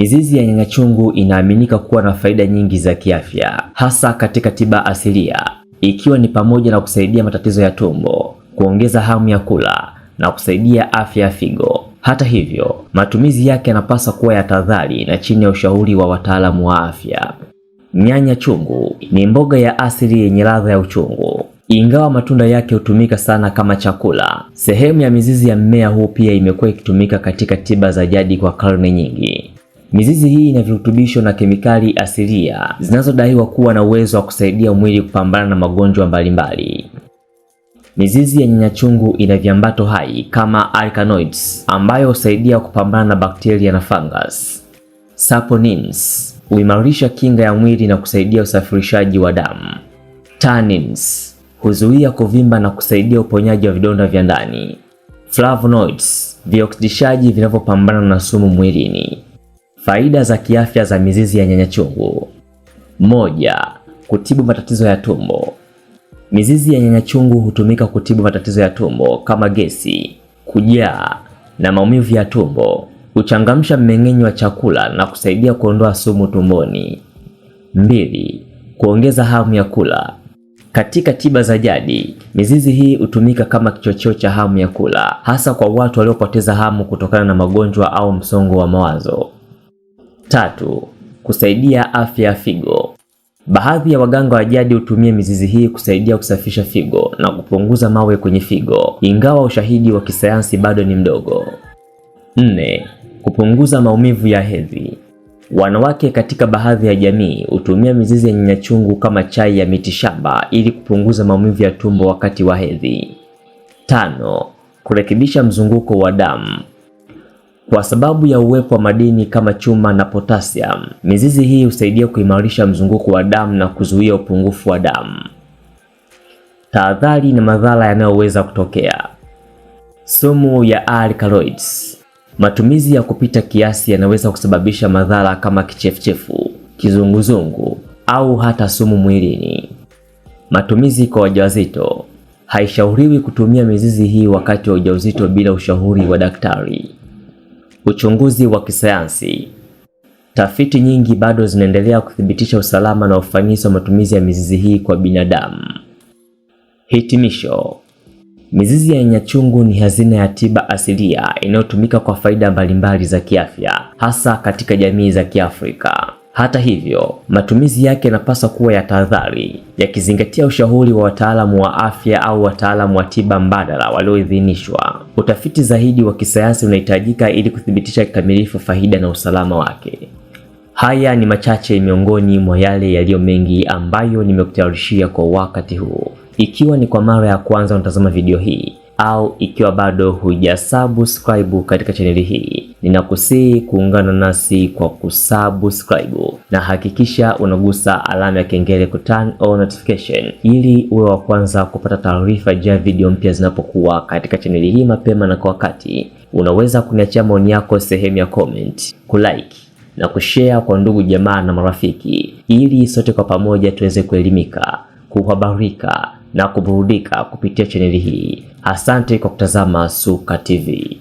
Mizizi ya nyanya chungu inaaminika kuwa na faida nyingi za kiafya, hasa katika tiba asilia, ikiwa ni pamoja na kusaidia matatizo ya tumbo, kuongeza hamu ya kula na kusaidia afya ya figo. Hata hivyo, matumizi yake yanapaswa kuwa ya tahadhari na chini ya ushauri wa wataalamu wa afya. Nyanya chungu ni mboga ya asili yenye ladha ya uchungu. Ingawa matunda yake hutumika sana kama chakula, sehemu ya mizizi ya mmea huu pia imekuwa ikitumika katika tiba za jadi kwa karne nyingi. Mizizi hii ina virutubisho na kemikali asilia zinazodaiwa kuwa na uwezo wa kusaidia mwili kupambana na magonjwa mbalimbali. Mizizi ya chungu ina viambato hai kama alkaloids ambayo husaidia kupambana na bakteria na fungus. Saponins huimarisha kinga ya mwili na kusaidia usafirishaji wa damu. Tannins huzuia kuvimba na kusaidia uponyaji wa vidonda vya ndani. Flavonoids vioksidishaji vinavyopambana na sumu mwilini. Faida za kiafya za mizizi ya nyanya chungu. Moja, kutibu matatizo ya tumbo. Mizizi ya nyanya chungu hutumika kutibu matatizo ya tumbo kama gesi, kujaa na maumivu ya tumbo. Huchangamsha mmeng'enyo wa chakula na kusaidia kuondoa sumu tumboni. Mbili, kuongeza hamu ya kula. Katika tiba za jadi, mizizi hii hutumika kama kichocheo cha hamu ya kula, hasa kwa watu waliopoteza hamu kutokana na magonjwa au msongo wa mawazo. Tatu, kusaidia afya ya figo. Baadhi ya waganga wa jadi hutumia mizizi hii kusaidia kusafisha figo na kupunguza mawe kwenye figo, ingawa ushahidi wa kisayansi bado ni mdogo. Nne, kupunguza maumivu ya hedhi. Wanawake katika baadhi ya jamii hutumia mizizi ya nyanyachungu kama chai ya mitishamba ili kupunguza maumivu ya tumbo wakati wa hedhi. Tano, kurekebisha mzunguko wa damu kwa sababu ya uwepo wa madini kama chuma na potassium. Mizizi hii husaidia kuimarisha mzunguko wa damu na kuzuia upungufu wa damu. Tahadhari na madhara yanayoweza kutokea. Sumu ya alkaloids. Matumizi ya kupita kiasi yanaweza kusababisha madhara kama kichefuchefu, kizunguzungu au hata sumu mwilini. Matumizi kwa wajawazito. Haishauriwi kutumia mizizi hii wakati wa ujauzito bila ushauri wa daktari. Uchunguzi wa kisayansi. Tafiti nyingi bado zinaendelea kuthibitisha usalama na ufanisi wa matumizi ya mizizi hii kwa binadamu. Hitimisho. Mizizi ya nyachungu ni hazina ya tiba asilia inayotumika kwa faida mbalimbali za kiafya, hasa katika jamii za Kiafrika. Hata hivyo, matumizi yake yanapaswa kuwa ya tahadhari, yakizingatia ushauri wa wataalamu wa afya au wataalamu wa tiba mbadala walioidhinishwa utafiti zaidi wa kisayansi unahitajika ili kuthibitisha kikamilifu faida na usalama wake. Haya ni machache miongoni mwa yale yaliyo mengi ambayo nimekutayarishia kwa wakati huu. Ikiwa ni kwa mara ya kwanza unatazama video hii au ikiwa bado hujasubscribe katika chaneli hii, ninakusihi kuungana nasi kwa kusubscribe na hakikisha unagusa alama ya kengele ku turn on notification ili uwe wa kwanza kupata taarifa ya video mpya zinapokuwa katika chaneli hii mapema na kwa wakati. Unaweza kuniachia maoni yako sehemu ya comment, kulike na kushare kwa ndugu jamaa na marafiki, ili sote kwa pamoja tuweze kuelimika, kuhabarika na kuburudika kupitia chaneli hii. Asante kwa kutazama Suka TV.